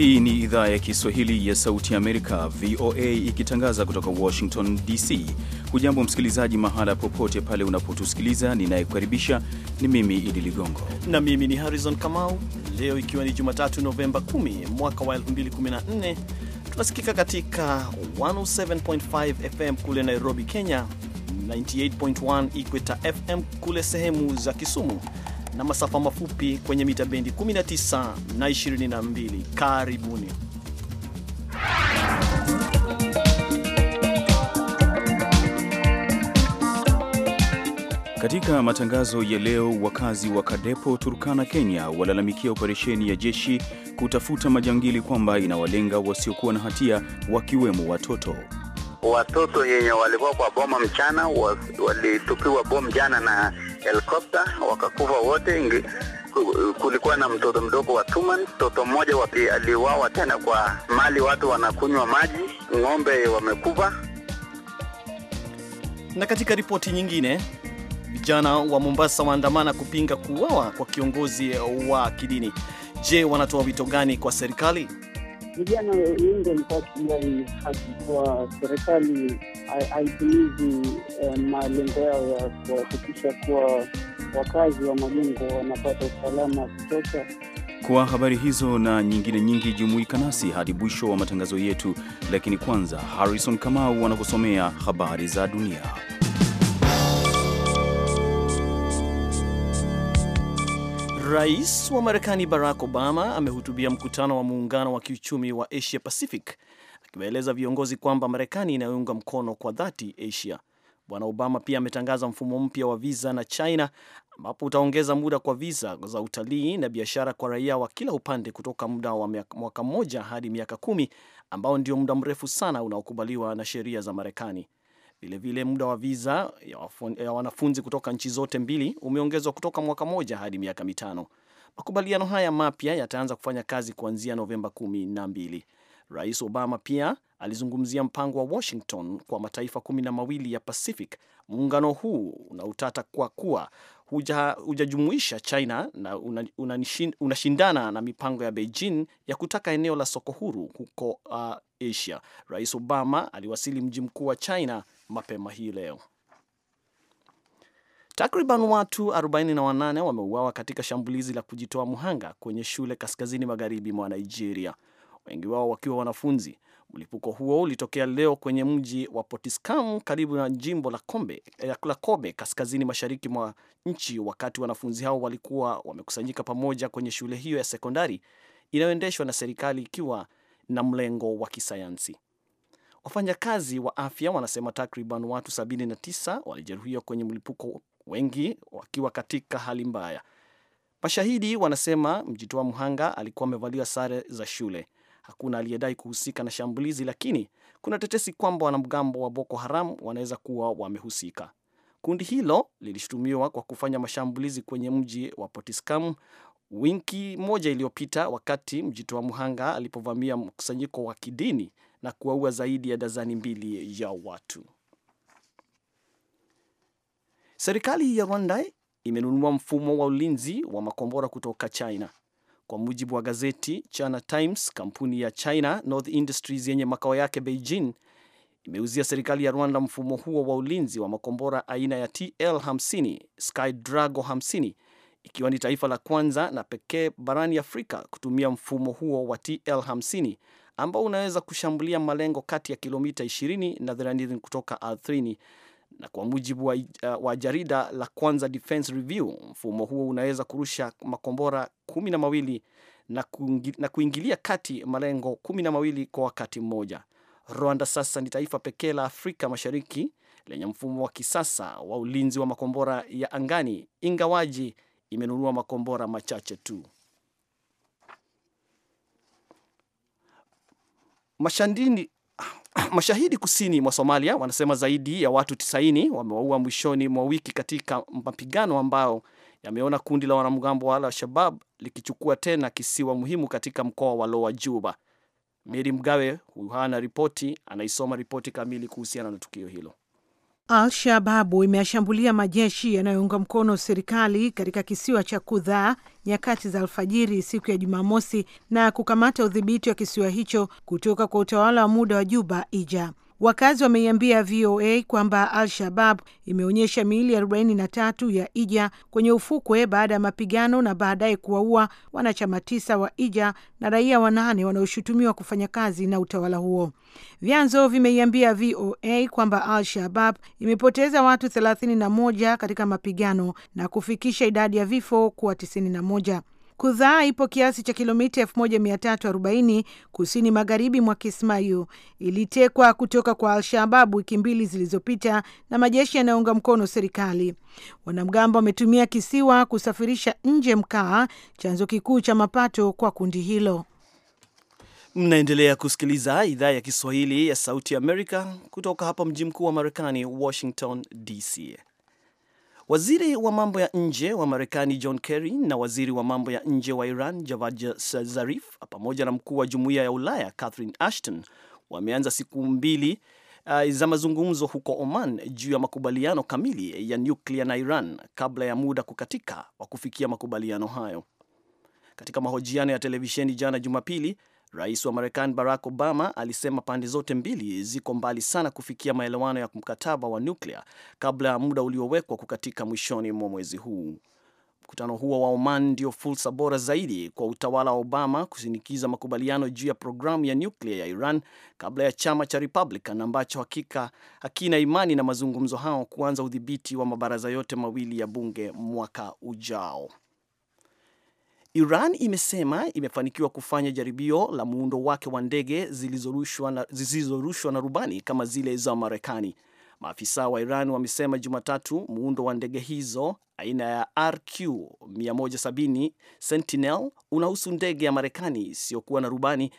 Hii ni idhaa ya Kiswahili ya Sauti ya Amerika, VOA, ikitangaza kutoka Washington DC. Hujambo msikilizaji, mahala popote pale unapotusikiliza. Ninayekukaribisha ni mimi Idi Ligongo na mimi ni Harrison Kamau. Leo ikiwa ni Jumatatu, Novemba 10 mwaka wa 2014, tunasikika katika 107.5 FM kule Nairobi, Kenya, 98.1 Ikweta FM kule sehemu za Kisumu na masafa mafupi kwenye mita bendi 19 na 22. Karibuni. Katika matangazo ya leo, wakazi wa Kadepo, Turkana, Kenya walalamikia operesheni ya jeshi kutafuta majangili kwamba inawalenga wasiokuwa na hatia wakiwemo watoto watoto yenye walikuwa kwa boma mchana walitupiwa bom jana na helikopta wakakufa wote. Ingi, kulikuwa na mtoto mdogo wa tuman, mtoto mmoja aliwawa tena kwa mali, watu wanakunywa maji, ng'ombe wamekufa. Na katika ripoti nyingine, vijana wa Mombasa waandamana kupinga kuwawa kwa kiongozi wa kidini. Je, wanatoa wito gani kwa serikali? vijana wengi walikuwa wakidai haki kuwa serikali haitumizi eh, malengo yao ya kuhakikisha kuwa wakazi wa majengo wanapata usalama wa kutosha. Kwa habari hizo na nyingine nyingi, jumuika nasi hadi mwisho wa matangazo yetu, lakini kwanza Harrison Kamau anakusomea habari za dunia. Rais wa Marekani Barack Obama amehutubia mkutano wa muungano wa kiuchumi wa Asia Pacific akiwaeleza viongozi kwamba Marekani inayounga mkono kwa dhati Asia. Bwana Obama pia ametangaza mfumo mpya wa viza na China ambapo utaongeza muda kwa viza za utalii na biashara kwa raia wa kila upande kutoka muda wa mwaka mmoja hadi miaka kumi ambao ndio muda mrefu sana unaokubaliwa na sheria za Marekani. Vilevile, muda wa viza ya wanafunzi kutoka nchi zote mbili umeongezwa kutoka mwaka moja hadi miaka mitano. Makubaliano haya mapya yataanza kufanya kazi kuanzia Novemba kumi na mbili. Rais Obama pia alizungumzia mpango wa Washington kwa mataifa kumi na mawili ya Pacific. Muungano huu una utata kwa kuwa hujajumuisha huja China na unashindana una, una na mipango ya Beijing ya kutaka eneo la soko huru huko uh, Asia. Rais Obama aliwasili mji mkuu wa China mapema hii leo. Takriban watu 48 wameuawa katika shambulizi la kujitoa muhanga kwenye shule kaskazini magharibi mwa Nigeria, wengi wao wakiwa wanafunzi. Mlipuko huo ulitokea leo kwenye mji wa Potiskam karibu na jimbo la Kombe, eh, la Kobe kaskazini mashariki mwa nchi, wakati wanafunzi hao walikuwa wamekusanyika pamoja kwenye shule hiyo ya sekondari inayoendeshwa na serikali ikiwa na mlengo wa kisayansi. Wafanyakazi wa afya wanasema takriban watu 79 walijeruhiwa kwenye mlipuko, wengi wakiwa katika hali mbaya. Mashahidi wanasema mjitoa mhanga alikuwa amevalia sare za shule. Hakuna aliyedai kuhusika na shambulizi, lakini kuna tetesi kwamba wanamgambo wa Boko Haram wanaweza kuwa wamehusika. Kundi hilo lilishutumiwa kwa kufanya mashambulizi kwenye mji wa Potiskam wiki moja iliyopita, wakati mjitoa mhanga alipovamia mkusanyiko wa kidini na kuwaua zaidi ya dazani mbili ya watu. Serikali ya Rwanda imenunua mfumo wa ulinzi wa makombora kutoka China. Kwa mujibu wa gazeti China Times, kampuni ya China North Industries yenye makao yake Beijing imeuzia serikali ya Rwanda mfumo huo wa ulinzi wa makombora aina ya TL50 Skydrago 50 ikiwa ni taifa la kwanza na pekee barani Afrika kutumia mfumo huo wa TL50 ambao unaweza kushambulia malengo kati ya kilomita 20 na 30 kutoka ardhini na kwa mujibu wa, uh, wa jarida la Kwanza Defense Review, mfumo huo unaweza kurusha makombora kumi na mawili na, kuingi, na kuingilia kati malengo kumi na mawili kwa wakati mmoja. Rwanda sasa ni taifa pekee la Afrika Mashariki lenye mfumo wa kisasa wa ulinzi wa makombora ya angani, ingawaji imenunua makombora machache tu. Mashandini, mashahidi kusini mwa Somalia wanasema zaidi ya watu 90 wamewaua mwishoni mwa wiki katika mapigano ambayo yameona kundi la wanamgambo wa Al-Shabab likichukua tena kisiwa muhimu katika mkoa wa Lower Juba. Meri Mgawe huyu hana ripoti, anaisoma ripoti kamili kuhusiana na tukio hilo. Al-Shababu imeashambulia majeshi yanayounga mkono serikali katika kisiwa cha Kudhaa nyakati za alfajiri siku ya Jumamosi na kukamata udhibiti wa kisiwa hicho kutoka kwa utawala wa muda wa Juba Ija. Wakazi wameiambia VOA kwamba Al-Shabab imeonyesha miili 43 ya Ija kwenye ufukwe baada ya mapigano na baadaye kuwaua wanachama tisa wa Ija na raia wanane wanaoshutumiwa kufanya kazi na utawala huo. Vyanzo vimeiambia VOA kwamba Al-Shabab imepoteza watu 31 katika mapigano na kufikisha idadi ya vifo kuwa 91. Kudhaa ipo kiasi cha kilomita 1340 kusini magharibi mwa Kismayu. Ilitekwa kutoka kwa Al-Shababu wiki mbili zilizopita na majeshi yanayounga mkono serikali. Wanamgambo wametumia kisiwa kusafirisha nje mkaa, chanzo kikuu cha mapato kwa kundi hilo. Mnaendelea kusikiliza idhaa ya Kiswahili ya Sauti ya Amerika kutoka hapa mji mkuu wa Marekani, Washington DC. Waziri wa mambo ya nje wa Marekani John Kerry na waziri wa mambo ya nje wa Iran Javad Zarif pamoja na mkuu wa jumuiya ya Ulaya Catherine Ashton wameanza siku mbili uh, za mazungumzo huko Oman juu ya makubaliano kamili ya nyuklia na Iran kabla ya muda kukatika wa kufikia makubaliano hayo. Katika mahojiano ya televisheni jana Jumapili, Rais wa Marekani Barack Obama alisema pande zote mbili ziko mbali sana kufikia maelewano ya mkataba wa nyuklia kabla ya muda uliowekwa kukatika mwishoni mwa mwezi huu. Mkutano huo wa Oman ndio fursa bora zaidi kwa utawala wa Obama kushinikiza makubaliano juu ya programu ya nyuklia ya Iran kabla ya chama cha Republican ambacho hakika hakina imani na mazungumzo hao kuanza udhibiti wa mabaraza yote mawili ya bunge mwaka ujao. Iran imesema imefanikiwa kufanya jaribio la muundo wake wa ndege zilizorushwa na, na rubani kama zile za Marekani. Maafisa wa Iran wamesema Jumatatu muundo wa ndege hizo aina ya RQ 170 Sentinel unahusu ndege ya Marekani isiyokuwa na rubani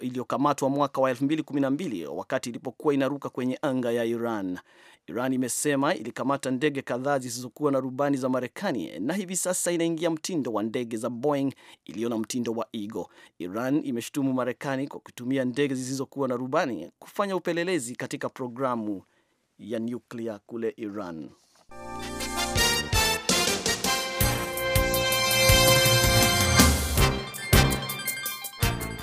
iliyokamatwa mwaka wa 2012 wakati ilipokuwa inaruka kwenye anga ya Iran. Iran imesema ilikamata ndege kadhaa zisizokuwa na rubani za Marekani na hivi sasa inaingia mtindo wa ndege za Boeing iliyo na mtindo wa Eagle. Iran imeshutumu Marekani kwa kutumia ndege zisizokuwa na rubani kufanya upelelezi katika programu ya nyuklia kule Iran.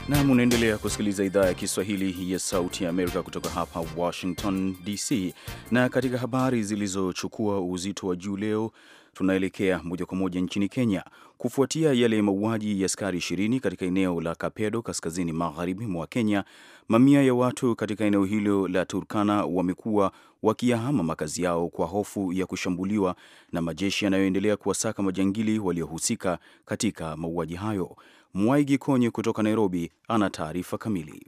Nam, unaendelea kusikiliza idhaa ya Kiswahili ya Sauti ya Amerika kutoka hapa Washington DC. Na katika habari zilizochukua uzito wa juu leo, tunaelekea moja kwa moja nchini Kenya kufuatia yale mauaji ya askari ishirini katika eneo la Kapedo, kaskazini magharibi mwa Kenya. Mamia ya watu katika eneo hilo la Turkana wamekuwa wakiyahama makazi yao kwa hofu ya kushambuliwa na majeshi yanayoendelea kuwasaka majangili waliohusika katika mauaji hayo. Mwaigi Konye kutoka Nairobi ana taarifa kamili.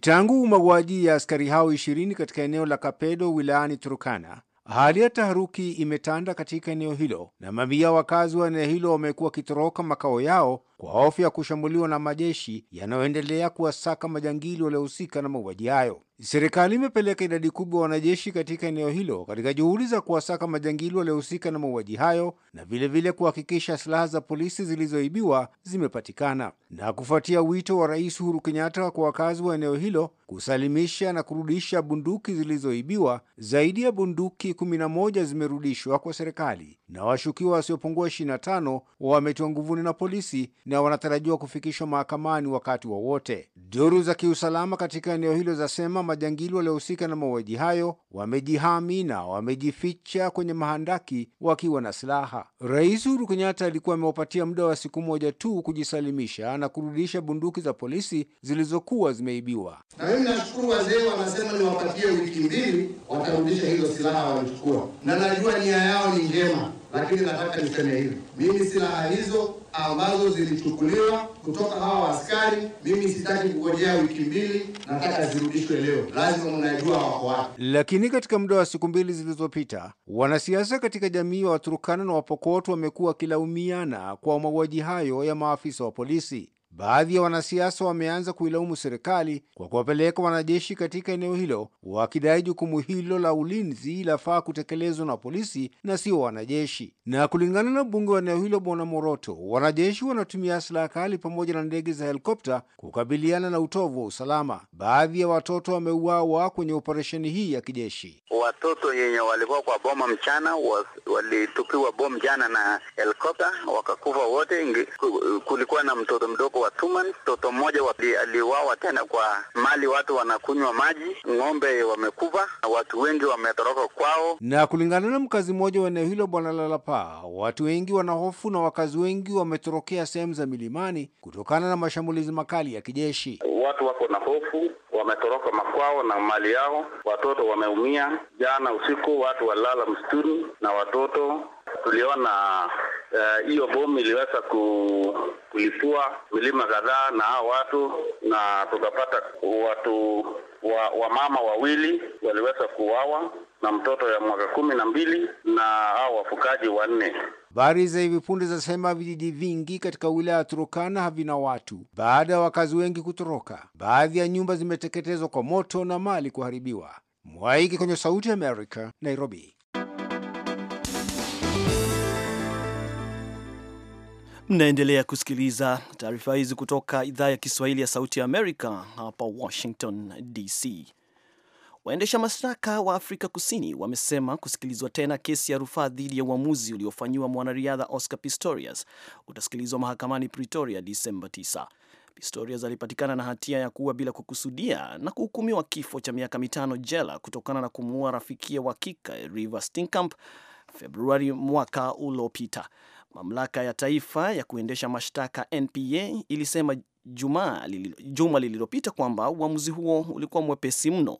Tangu mauaji ya askari hao ishirini katika eneo la Kapedo wilayani turukana hali ya taharuki imetanda katika eneo hilo na mamia wakazi wa eneo hilo wamekuwa wakitoroka makao yao kwa hofu ya kushambuliwa na majeshi yanayoendelea kuwasaka majangili waliohusika na mauaji hayo. Serikali imepeleka idadi kubwa ya wanajeshi katika eneo hilo katika juhudi za kuwasaka majangili waliohusika na mauaji hayo na vilevile kuhakikisha silaha za polisi zilizoibiwa zimepatikana. Na kufuatia wito wa Rais Uhuru Kenyatta kwa wakazi wa eneo hilo kusalimisha na kurudisha bunduki zilizoibiwa, zaidi ya bunduki 11 zimerudishwa kwa serikali na washukiwa wasiopungua 25 wametiwa nguvuni na polisi na wanatarajiwa kufikishwa mahakamani wakati wowote wa duru za kiusalama katika eneo hilo zasema majangili waliohusika na mauaji hayo wamejihami na wamejificha kwenye mahandaki wakiwa na silaha. Rais Uhuru Kenyatta alikuwa amewapatia muda wa siku moja tu kujisalimisha na kurudisha bunduki za polisi zilizokuwa zimeibiwa. Na mimi nashukuru wazee wanasema niwapatie wiki mbili, watarudisha hizo silaha walichukua, na najua nia yao ni njema lakini nataka niseme hivi, mimi silaha hizo ambazo zilichukuliwa kutoka hawa askari, mimi sitaki kungojea wiki mbili, nataka zirudishwe leo. Lazima mnajua wako wapi. Lakini katika muda wa siku mbili zilizopita, wanasiasa katika jamii wa Waturukana na Wapokoto wamekuwa wakilaumiana kwa mauaji hayo ya maafisa wa polisi. Baadhi ya wanasiasa wameanza kuilaumu serikali kwa kuwapeleka wanajeshi katika eneo hilo, wakidai jukumu hilo la ulinzi lafaa kutekelezwa na polisi na sio wanajeshi. Na kulingana na mbunge wa eneo hilo Bwana Moroto, wanajeshi wanatumia silaha kali pamoja na ndege za helikopta kukabiliana na utovu wa usalama. Baadhi ya watoto wameuawa kwenye operesheni hii ya kijeshi. Watoto yenye walikuwa kwa boma mchana walitupiwa bomu jana na helikopta wakakufa wote. Kulikuwa na mtoto mdogo wa Tuman. Mtoto mmoja aliuawa tena kwa mali, watu wanakunywa maji, ng'ombe wamekufa, watu wengi wametoroka kwao. Na kulingana na mkazi mmoja wa eneo hilo, Bwana Lalapa, watu wengi wanahofu na wakazi wengi wametorokea sehemu za milimani kutokana na mashambulizi makali ya kijeshi. Watu wako na hofu, wametoroka makwao na mali yao, watoto wameumia. Jana usiku watu walala msituni na watoto tuliona Eh, hiyo uh, bomu iliweza kulipua milima kadhaa na hao watu, na tukapata watu wa, wa mama wawili waliweza kuuawa na mtoto ya mwaka kumi na mbili na hao wafukaji wanne. Habari za hivi punde zinasema vijiji vingi katika wilaya ya Turukana havina watu baada ya wakazi wengi kutoroka. Baadhi ya nyumba zimeteketezwa kwa moto na mali kuharibiwa. Mwaiki kwenye Sauti ya Amerika, Nairobi. Mnaendelea kusikiliza taarifa hizi kutoka idhaa ya Kiswahili ya Sauti ya Amerika hapa Washington DC. Waendesha mashtaka wa Afrika Kusini wamesema kusikilizwa tena kesi ya rufaa dhidi ya uamuzi uliofanyiwa mwanariadha Oscar Pistorius utasikilizwa mahakamani Pretoria Disemba 9. Pistorius alipatikana na hatia ya kuua bila kukusudia na kuhukumiwa kifo cha miaka mitano jela kutokana na kumuua rafikia wa kike Reeva Steenkamp Februari mwaka uliopita. Mamlaka ya taifa ya kuendesha mashtaka NPA ilisema juma lililopita kwamba uamuzi huo ulikuwa mwepesi mno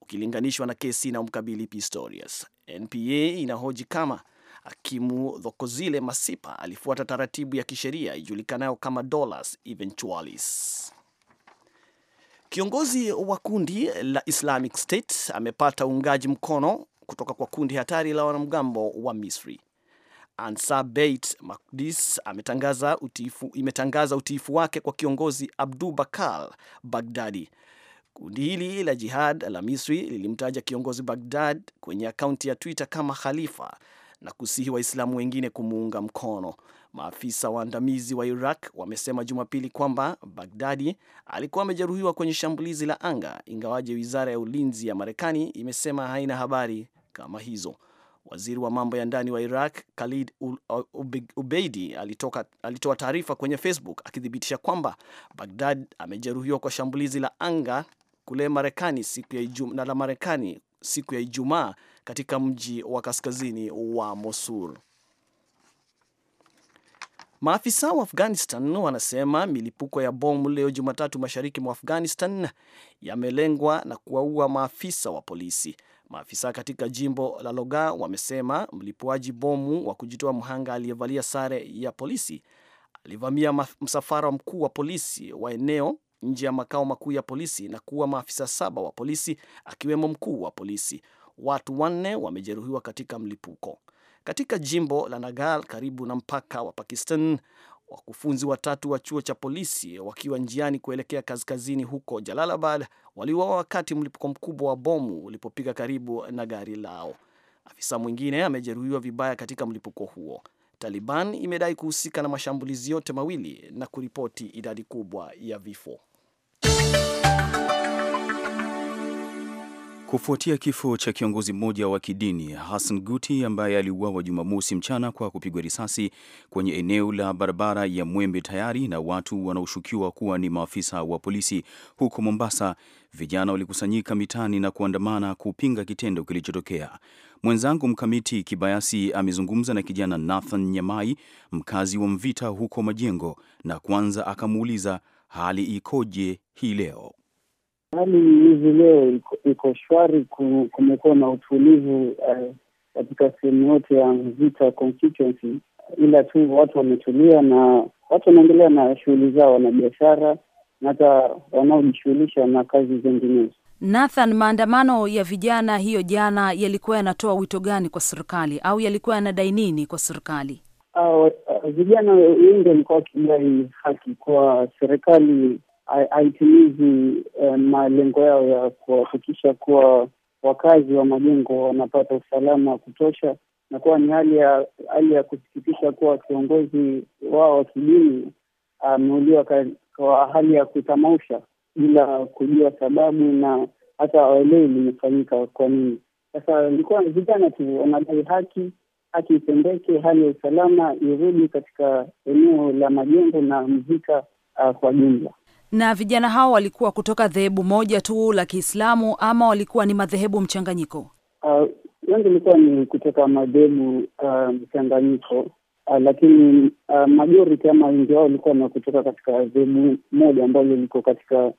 ukilinganishwa na kesi inayomkabili Pistorius. NPA inahoji kama hakimu Dhokozile Masipa alifuata taratibu ya kisheria ijulikanayo kama Dolus Eventualis. Kiongozi wa kundi la Islamic State amepata uungaji mkono kutoka kwa kundi hatari la wanamgambo wa Misri. Ansar Beit Makdis ametangaza utiifu, imetangaza utiifu wake kwa kiongozi Abdu Bakar Bagdadi. Kundi hili la jihad la Misri lilimtaja kiongozi Bagdad kwenye akaunti ya Twitter kama khalifa na kusihi Waislamu wengine kumuunga mkono. Maafisa waandamizi wa Iraq wamesema Jumapili kwamba Bagdadi alikuwa amejeruhiwa kwenye shambulizi la anga, ingawaje wizara ya ulinzi ya Marekani imesema haina habari kama hizo. Waziri wa mambo ya ndani wa Iraq Khalid uh, Ubeidi alitoka, alitoa taarifa kwenye Facebook akithibitisha kwamba Bagdad amejeruhiwa kwa shambulizi la anga kule Marekani siku ya Ijumaa na la Marekani siku ya Ijumaa katika mji wa kaskazini wa Mosul. Maafisa wa Afghanistan wanasema milipuko ya bomu leo Jumatatu mashariki mwa Afghanistan yamelengwa na kuwaua maafisa wa polisi. Maafisa katika jimbo la loga wamesema mlipuaji bomu wa kujitoa mhanga aliyevalia sare ya polisi alivamia msafara mkuu wa polisi wa eneo nje ya makao makuu ya polisi na kuua maafisa saba wa polisi akiwemo mkuu wa polisi. Watu wanne wamejeruhiwa katika mlipuko. Katika jimbo la Nagal karibu na mpaka wa Pakistan, Wakufunzi watatu wa chuo cha polisi wakiwa njiani kuelekea kaskazini huko Jalalabad waliuawa wakati mlipuko mkubwa wa bomu ulipopiga karibu na gari lao. Afisa mwingine amejeruhiwa vibaya katika mlipuko huo. Taliban imedai kuhusika na mashambulizi yote mawili na kuripoti idadi kubwa ya vifo. Kufuatia kifo cha kiongozi mmoja wa kidini Hassan Guti ambaye aliuawa Jumamosi mchana kwa kupigwa risasi kwenye eneo la barabara ya Mwembe Tayari na watu wanaoshukiwa kuwa ni maafisa wa polisi huko Mombasa, vijana walikusanyika mitaani na kuandamana kupinga kitendo kilichotokea. Mwenzangu Mkamiti Kibayasi amezungumza na kijana Nathan Nyamai, mkazi wa Mvita huko Majengo, na kwanza akamuuliza hali ikoje hii leo. Hali hivi leo iko shwari, kumekuwa na utulivu eh, katika uh, sehemu yote ya Mvita constituency, ila tu watu wametulia na watu wanaendelea na shughuli zao na biashara na hata wanaojishughulisha na kazi zinginezo. Nathan, maandamano ya vijana hiyo jana yalikuwa yanatoa wito gani kwa serikali au yalikuwa yanadai nini kwa serikali? Uh, uh, vijana wengi walikuwa wakidai haki kwa serikali haitimizi eh, malengo yao ya kuhakikisha kuwa wakazi wa majengo wanapata usalama wa kutosha, na kuwa ni hali ya hali ya kusikitisha kuwa kiongozi wao wa kidini ameuliwa kwa hali ya kutamausha bila kujua sababu na hata waelewi limefanyika kwa nini. Sasa ilikuwa vijana tu wanadai haki, haki itendeke, hali ya usalama irudi katika eneo la majengo na mzika uh, kwa jumla. Na vijana hao walikuwa kutoka dhehebu moja tu la Kiislamu ama walikuwa ni madhehebu mchanganyiko? Uh, wengi ilikuwa ni kutoka madhehebu uh, mchanganyiko uh, lakini uh, majority ama wengi wao walikuwa na kutoka katika dhehebu moja ambalo liko katika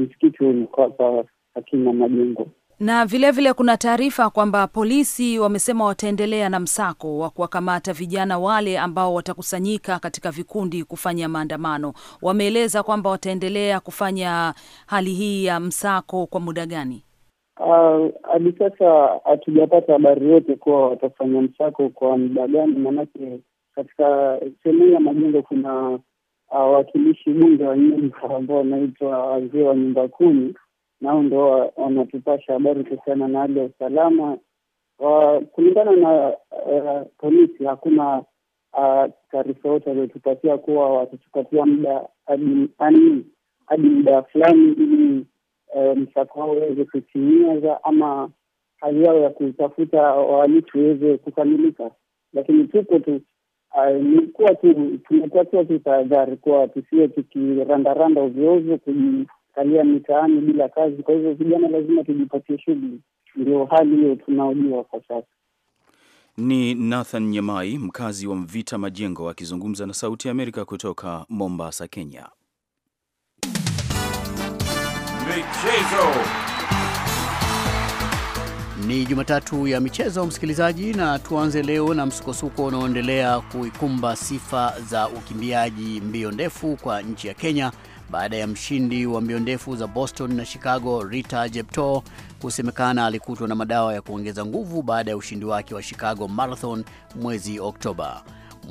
msikiti huu hapa Hakima Majengo. Na vilevile vile kuna taarifa kwamba polisi wamesema wataendelea na msako wa kuwakamata vijana wale ambao watakusanyika katika vikundi kufanya maandamano. Wameeleza kwamba wataendelea kufanya hali hii ya msako kwa muda gani? Ah, hadi uh, sasa hatujapata habari yote kuwa watafanya msako kwa muda gani, maanake katika sehemu hii ya majengo kuna uh, wawakilishi bunge wa nyumba ambao wanaitwa wazee wa nyumba kumi nao ndo wanatupasha habari kuhusiana na hali ya usalama. Uh, kulingana na uh, polisi hakuna uh, taarifa yote waliotupatia kuwa watatupatia muda hadi muda fulani ili uh, msako wao uweze kutimiza ama hali yao ya kutafuta wahalifu iweze kukamilika, lakini tuko tu uh, ni kuwa tu tumekuwa tu tahadhari kuwa tusiwe tukirandaranda ovyoovyo kalia mitaani bila kazi. Kwa hivyo vijana lazima tujipatie shughuli, ndio hali hiyo tunaojua kwa sasa. Ni Nathan Nyamai, mkazi wa Mvita Majengo, akizungumza na Sauti ya Amerika kutoka Mombasa, Kenya. Michezo ni Jumatatu ya michezo, msikilizaji, na tuanze leo na msukosuko unaoendelea kuikumba sifa za ukimbiaji mbio ndefu kwa nchi ya Kenya baada ya mshindi wa mbio ndefu za Boston na Chicago Rita Jepto kusemekana alikutwa na madawa ya kuongeza nguvu baada ya ushindi wake wa Chicago Marathon mwezi Oktoba.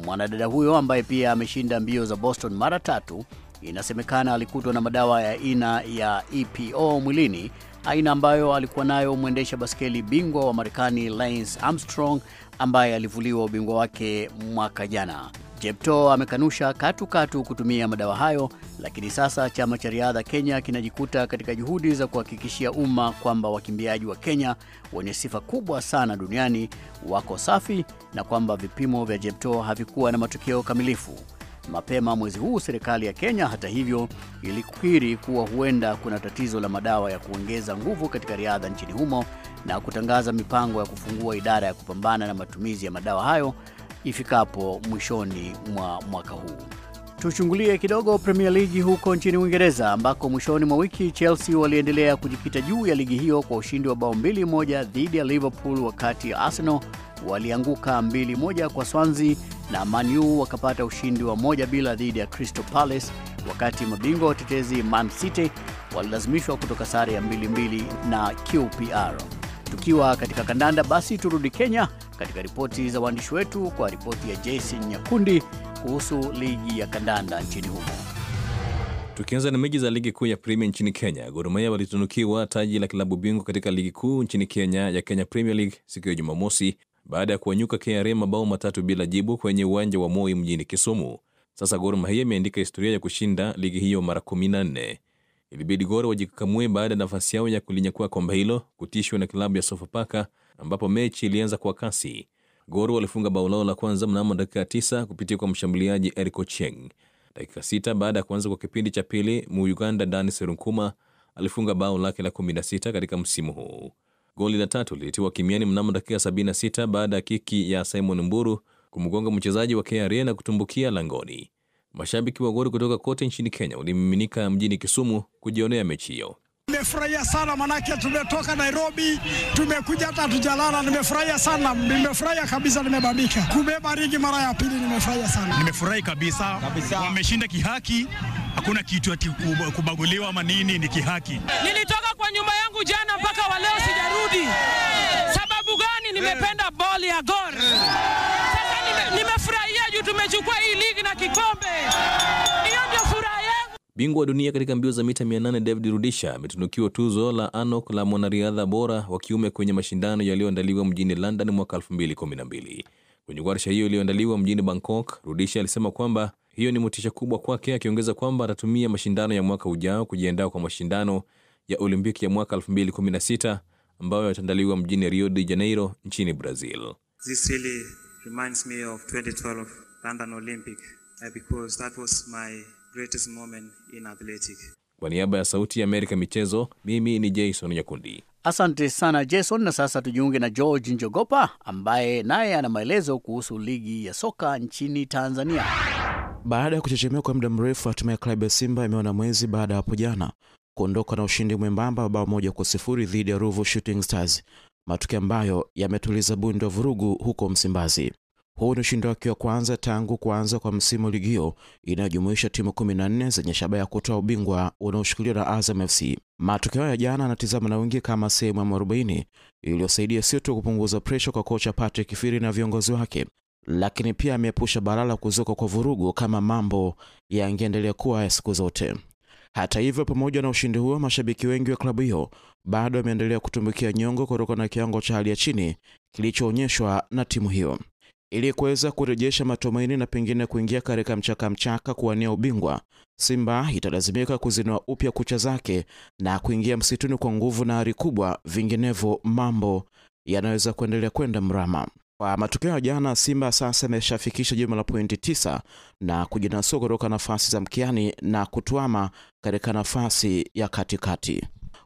Mwanadada huyo ambaye pia ameshinda mbio za Boston mara tatu inasemekana alikutwa na madawa ya aina ya EPO mwilini, aina ambayo alikuwa nayo mwendesha baskeli bingwa wa Marekani Lance Armstrong ambaye alivuliwa ubingwa wake mwaka jana. jepto amekanusha katukatu katu kutumia madawa hayo, lakini sasa chama cha riadha Kenya kinajikuta katika juhudi za kuhakikishia umma kwamba wakimbiaji wa Kenya wenye sifa kubwa sana duniani wako safi na kwamba vipimo vya jepto havikuwa na matokeo kamilifu. Mapema mwezi huu serikali ya Kenya hata hivyo ilikiri kuwa huenda kuna tatizo la madawa ya kuongeza nguvu katika riadha nchini humo na kutangaza mipango ya kufungua idara ya kupambana na matumizi ya madawa hayo ifikapo mwishoni mwa mwaka huu. Tuchungulie kidogo Premier League huko nchini Uingereza ambako mwishoni mwa wiki Chelsea waliendelea kujikita juu ya ligi hiyo kwa ushindi wa bao mbili moja dhidi ya Liverpool, wakati Arsenal walianguka mbili moja kwa Swansea na Manu wakapata ushindi wa moja bila dhidi ya Crystal Palace, wakati mabingwa watetezi Man City walilazimishwa kutoka sare ya mbili mbili na QPR. Tukiwa katika kandanda, basi turudi Kenya katika ripoti za waandishi wetu, kwa ripoti ya Jason Nyakundi kuhusu ligi ya kandanda nchini humo. Tukianza na mechi za ligi kuu ya Premier nchini Kenya, Gor Mahia walitunukiwa taji la klabu bingwa katika ligi kuu nchini Kenya ya Kenya Premier League siku ya Jumamosi, baada ya kuwanyuka KRA mabao matatu bila jibu kwenye uwanja wa Moi mjini Kisumu. Sasa Gor Mahia imeandika historia ya kushinda ligi hiyo mara 14. Ilibidi Gor wajikakamue baada ya nafasi yao ya kulinyakua kombe hilo kutishwa na klabu ya Sofapaka, ambapo mechi ilianza kwa kasi. Gor walifunga bao lao la kwanza mnamo dakika 9 kupitia kwa mshambuliaji Eric Cheng. Dakika sita baada ya kuanza kwa kipindi cha pili, Muuganda Dan Serunkuma alifunga bao lake la 16 katika msimu huu. Goli la tatu lilitiwa kimiani mnamo dakika 76 baada ya kiki ya Simon Mburu kumgonga mchezaji wa KRA na kutumbukia langoni. Mashabiki wa gori kutoka kote nchini Kenya walimiminika mjini Kisumu kujionea mechi hiyo. Nimefurahia sana manake tumetoka Nairobi, tumekuja hata tujalala. Nimefurahia sana, nimefurahia kabisa, nimebambika. Kumebariki mara ya pili, nimefurahia sana, nimefurahi kabisa, kabisa. Wameshinda kihaki, hakuna kitu ati kubaguliwa ama nini, ni kihaki. Nilitoka kwa nyumba yangu jana mpaka wa leo sijarudi. Sababu gani? Nimependa boli ya Gor. Sasa nimefurahia juu tumechukua hii ligi na kikombe. Bingwa wa dunia katika mbio za mita 800 David Rudisha ametunukiwa tuzo la ANOC la mwanariadha bora wa kiume kwenye mashindano yaliyoandaliwa mjini London mwaka 2012. Kwenye warsha hiyo iliyoandaliwa mjini Bangkok, Rudisha alisema kwamba hiyo ni motisha kubwa kwake, akiongeza kwamba atatumia mashindano ya mwaka ujao kujiandaa kwa mashindano ya Olimpiki ya mwaka 2016 ambayo yataandaliwa mjini Rio de Janeiro nchini Brazil. This really reminds me of 2012 London Olympic uh, because that was my greatest moment in Kwa niaba ya Sauti ya Amerika michezo, mimi ni Jason Nyakundi. Asante sana Jason, na sasa tujiunge na George Njogopa ambaye naye ana maelezo kuhusu ligi ya soka nchini Tanzania. Baada ya kuchechemea kwa muda mrefu, hatimaye klabu ya Simba imeona mwezi baada ya hapo jana kuondoka na ushindi mwembamba wa bao moja kwa sifuri dhidi ya Ruvu Shooting Stars, matukio ambayo yametuliza bundi wa vurugu huko Msimbazi. Huu ni ushindi wake wa kwanza tangu kuanza kwa msimu ligi hiyo inayojumuisha timu 14 zenye shaba ya kutoa ubingwa unaoshikiliwa na Azam FC. Matokeo ya jana anatizama na wengi kama sehemu ya mwarobaini iliyosaidia sio tu kupunguza presha kwa kocha Patrick Firi na viongozi wake, lakini pia ameepusha bara la kuzuka kwa vurugu kama mambo yangeendelea kuwa ya siku zote. Hata hivyo, pamoja na ushindi huo, mashabiki wengi wa klabu hiyo bado wameendelea kutumbukia nyongo kutokana na kiwango cha hali ya chini kilichoonyeshwa na timu hiyo ili kuweza kurejesha matumaini na pengine kuingia katika mchakamchaka kuwania ubingwa, Simba italazimika kuzinua upya kucha zake na kuingia msituni kwa nguvu na ari kubwa, vinginevyo mambo yanaweza kuendelea kwenda mrama. Kwa matokeo ya jana, Simba sasa imeshafikisha jumla la pointi tisa na kujinasua kutoka nafasi za mkiani na kutuama katika nafasi ya katikati.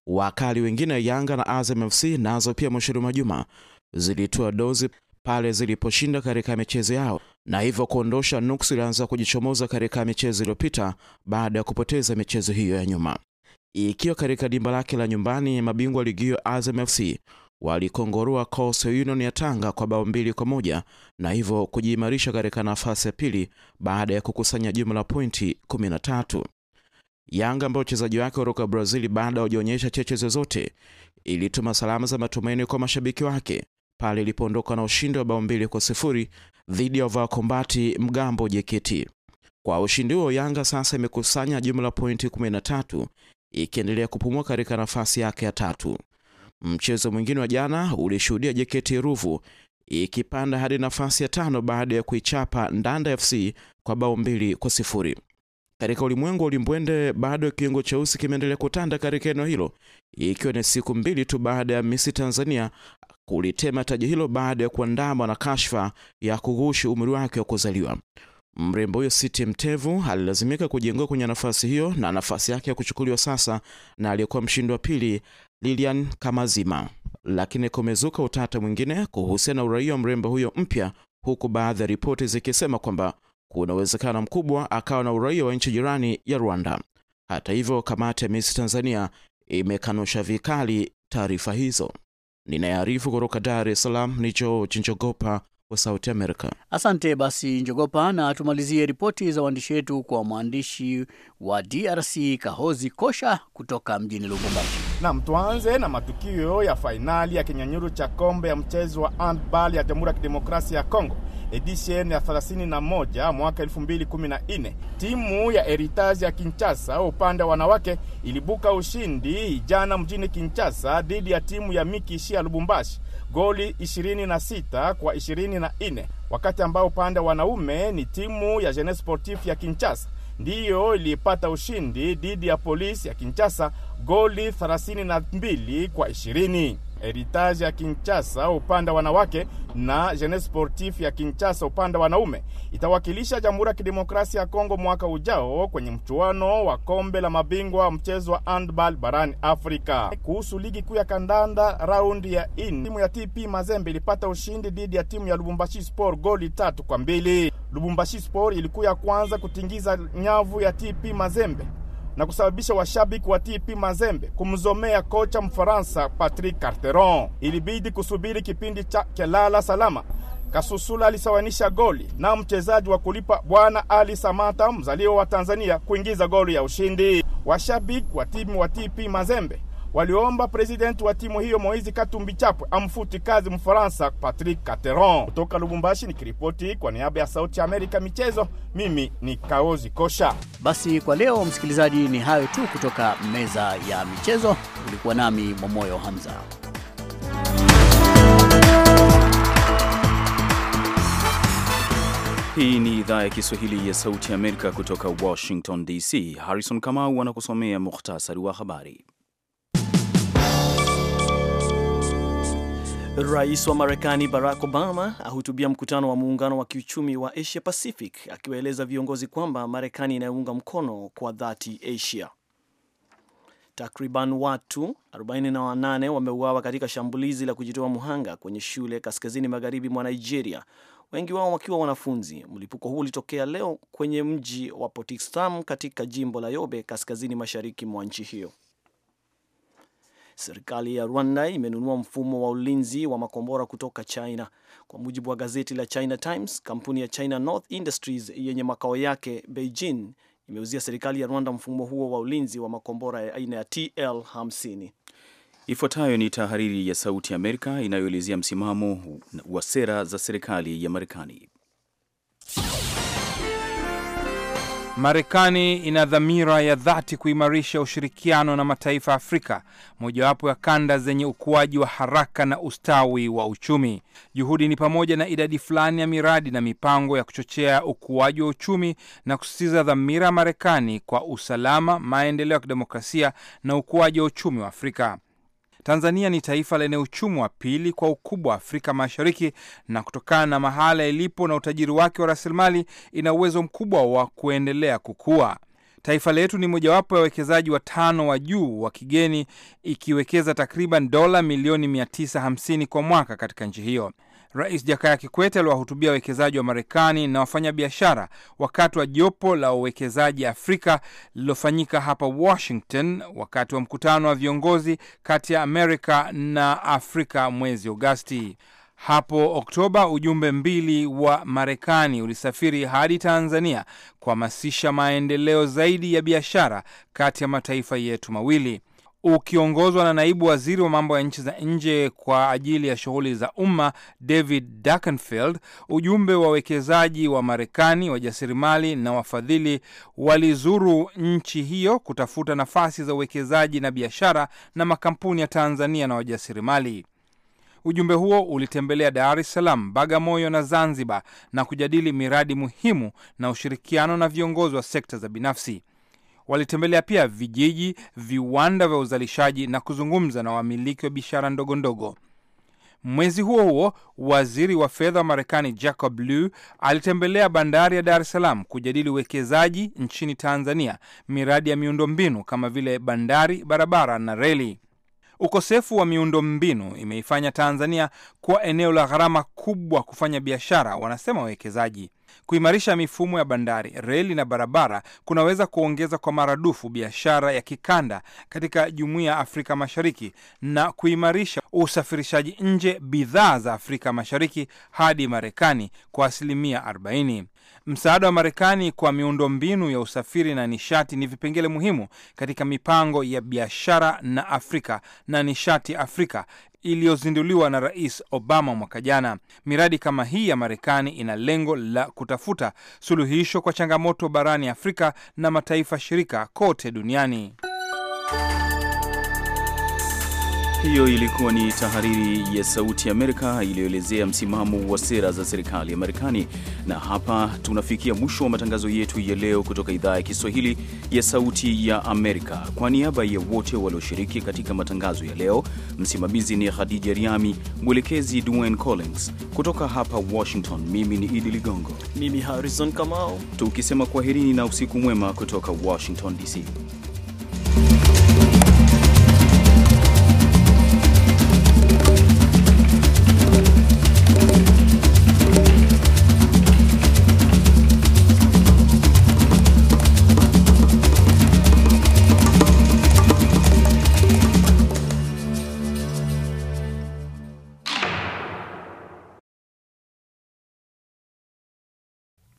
Wakali wengine Yanga na Azam FC nazo pia mwishoni mwa juma zilitoa dozi pale ziliposhinda katika michezo yao na hivyo kuondosha nuksi ilianza kujichomoza katika michezo iliyopita baada ya kupoteza michezo hiyo ya nyuma. Ikiwa katika dimba lake la nyumbani, mabingwa ligi hiyo walikongorua cos Union ya Tanga kwa bao mbili kwa moja na hivyo kujiimarisha katika nafasi ya pili baada ya kukusanya jumla pointi 13. Yanga ambayo uchezaji wake kutoka Brazil baada ya ujaonyesha cheche zozote ilituma salama za matumaini kwa mashabiki wake pale ilipoondoka na ushindi wa bao mbili kwa sifuri dhidi ya Wavakombati Mgambo Jeketi. Kwa ushindi huo, Yanga sasa imekusanya jumla pointi 13 ikiendelea kupumua katika nafasi yake ya tatu. Mchezo mwingine wa jana ulishuhudia Jeketi Ruvu ikipanda hadi nafasi ya tano baada ya kuichapa Ndanda FC kwa bao mbili kwa sifuri. Katika ulimwengu wa ulimbwende, bado kiungo cheusi kimeendelea kutanda katika eneo hilo, ikiwa ni siku mbili tu baada ya Miss Tanzania kulitema taji hilo baada ya kuandamwa na kashfa ya kughushi umri wake wa kuzaliwa. Mrembo huyo Siti Mtevu alilazimika kujiengua kwenye nafasi hiyo na nafasi yake ya kuchukuliwa sasa na aliyekuwa mshindi wa pili Lilian Kamazima. Lakini kumezuka utata mwingine kuhusiana na uraia wa mrembo huyo mpya, huku baadhi ya ripoti zikisema kwamba kuna uwezekano mkubwa akawa na uraia wa nchi jirani ya Rwanda. Hata hivyo, kamati ya Miss Tanzania imekanusha vikali taarifa hizo. Ninayearifu kutoka Dar es Salaam ni George Njogopa wa Sauti america Asante basi Njogopa, na tumalizie ripoti za waandishi wetu kwa mwandishi wa DRC Kahozi Kosha kutoka mjini Lubumbashi. Nam, tuanze na matukio ya fainali ya kinyanyuru cha kombe ya mchezo wa handball ya Jamhuri ya Kidemokrasia ya Kongo edition ya 31 mwaka 2014 timu ya Heritage ya Kinshasa upande wa wanawake ilibuka ushindi jana mjini Kinshasa dhidi ya timu ya Mikishi ya Lubumbashi goli 26 kwa 24, wakati ambao upande wa wanaume ni timu ya Jeunesse Sportif ya Kinshasa ndiyo ilipata ushindi dhidi ya Polisi ya Kinshasa goli 32 kwa 20. Heritage ya Kinshasa upande wa wanawake na Jeunesse Sportif ya Kinshasa upande wa wanaume itawakilisha Jamhuri ya Kidemokrasia ya Kongo mwaka ujao kwenye mchuano wa kombe la mabingwa mchezo wa handball barani Afrika. Kuhusu ligi kuu ya kandanda raundi ya in, timu ya TP Mazembe ilipata ushindi dhidi ya timu ya Lubumbashi Sport goli tatu kwa mbili. Lubumbashi Sport ilikuwa ya kwanza kutingiza nyavu ya TP Mazembe na kusababisha washabiki wa TP Mazembe kumzomea kocha Mfaransa Patrick Carteron. Ilibidi kusubiri kipindi cha kelala salama. Kasusula alisawanisha goli na mchezaji wa kulipa Bwana Ali Samata, mzaliwa wa Tanzania, kuingiza goli ya ushindi. Washabiki wa timu wa TP Mazembe waliomba presidenti wa timu hiyo Moizi Katumbi Chapwe amfuti kazi Mfaransa Patrick Cateron. Kutoka Lubumbashi nikiripoti kwa niaba ya Sauti ya Amerika michezo, mimi ni Kaozi Kosha. Basi kwa leo, msikilizaji, ni hayo tu kutoka meza ya michezo. Ulikuwa nami Momoyo Hamza. Hii ni idhaa ya Kiswahili ya Sauti ya Amerika kutoka Washington DC. Harrison Kamau anakusomea muhtasari wa habari. Rais wa Marekani Barack Obama ahutubia mkutano wa muungano wa kiuchumi wa Asia Pacific akiwaeleza viongozi kwamba Marekani inayounga mkono kwa dhati Asia. Takriban watu 48 wameuawa katika shambulizi la kujitoa muhanga kwenye shule kaskazini magharibi mwa Nigeria, wengi wao wakiwa wanafunzi. Mlipuko huu ulitokea leo kwenye mji wa Potiskum katika jimbo la Yobe kaskazini mashariki mwa nchi hiyo. Serikali ya Rwanda imenunua mfumo wa ulinzi wa makombora kutoka China. Kwa mujibu wa gazeti la China Times, kampuni ya China North Industries yenye makao yake Beijing imeuzia serikali ya Rwanda mfumo huo wa ulinzi wa makombora ya aina ya TL50. Ifuatayo ni tahariri ya Sauti ya Amerika inayoelezea msimamo wa sera za serikali ya Marekani. Marekani ina dhamira ya dhati kuimarisha ushirikiano na mataifa ya Afrika, mojawapo ya kanda zenye ukuaji wa haraka na ustawi wa uchumi. Juhudi ni pamoja na idadi fulani ya miradi na mipango ya kuchochea ukuaji wa uchumi na kusisitiza dhamira ya Marekani kwa usalama, maendeleo ya kidemokrasia na ukuaji wa uchumi wa Afrika. Tanzania ni taifa lenye uchumi wa pili kwa ukubwa wa Afrika Mashariki, na kutokana na mahala ilipo na utajiri wake wa rasilimali, ina uwezo mkubwa wa kuendelea kukua. Taifa letu ni mojawapo ya wawekezaji watano wa juu wa kigeni, ikiwekeza takriban dola milioni 950 kwa mwaka katika nchi hiyo. Rais Jakaya Kikwete aliwahutubia wawekezaji wa Marekani na wafanyabiashara wakati wa jopo la wawekezaji Afrika lililofanyika hapa Washington wakati wa mkutano wa viongozi kati ya Amerika na Afrika mwezi Agosti. Hapo Oktoba, ujumbe mbili wa Marekani ulisafiri hadi Tanzania kuhamasisha maendeleo zaidi ya biashara kati ya mataifa yetu mawili ukiongozwa na naibu waziri wa mambo ya nchi za nje kwa ajili ya shughuli za umma David Dakenfield, Ujumbe wa wawekezaji wa Marekani, wajasiriamali na wafadhili walizuru nchi hiyo kutafuta nafasi za uwekezaji na biashara na makampuni ya Tanzania na wajasiriamali. Ujumbe huo ulitembelea Dar es Salaam, Bagamoyo na Zanzibar na kujadili miradi muhimu na ushirikiano na viongozi wa sekta za binafsi. Walitembelea pia vijiji, viwanda vya uzalishaji na kuzungumza na wamiliki wa biashara ndogo ndogo. Mwezi huo huo, waziri wa fedha wa Marekani Jacob Lew alitembelea bandari ya Dar es Salaam kujadili uwekezaji nchini Tanzania, miradi ya miundombinu kama vile bandari, barabara na reli. Ukosefu wa miundombinu imeifanya Tanzania kuwa eneo la gharama kubwa kufanya biashara, wanasema wawekezaji. Kuimarisha mifumo ya bandari, reli na barabara kunaweza kuongeza kwa maradufu biashara ya kikanda katika jumuiya ya Afrika Mashariki na kuimarisha usafirishaji nje bidhaa za Afrika Mashariki hadi Marekani kwa asilimia 40. Msaada wa Marekani kwa miundo mbinu ya usafiri na nishati ni vipengele muhimu katika mipango ya biashara na Afrika na nishati Afrika iliyozinduliwa na Rais Obama mwaka jana. Miradi kama hii ya Marekani ina lengo la kutafuta suluhisho kwa changamoto barani Afrika na mataifa shirika kote duniani. Hiyo ilikuwa ni tahariri ya Sauti ya Amerika iliyoelezea msimamo wa sera za serikali ya Marekani. Na hapa tunafikia mwisho wa matangazo yetu ya leo kutoka idhaa ya Kiswahili ya Sauti ya Amerika. Kwa niaba ya wote walioshiriki katika matangazo ya leo, msimamizi ni Khadija Riami, mwelekezi Dwayne Collins. Kutoka hapa Washington, mimi ni Idi Ligongo, mimi Harrison Kamau, tukisema kwaherini na usiku mwema kutoka Washington DC.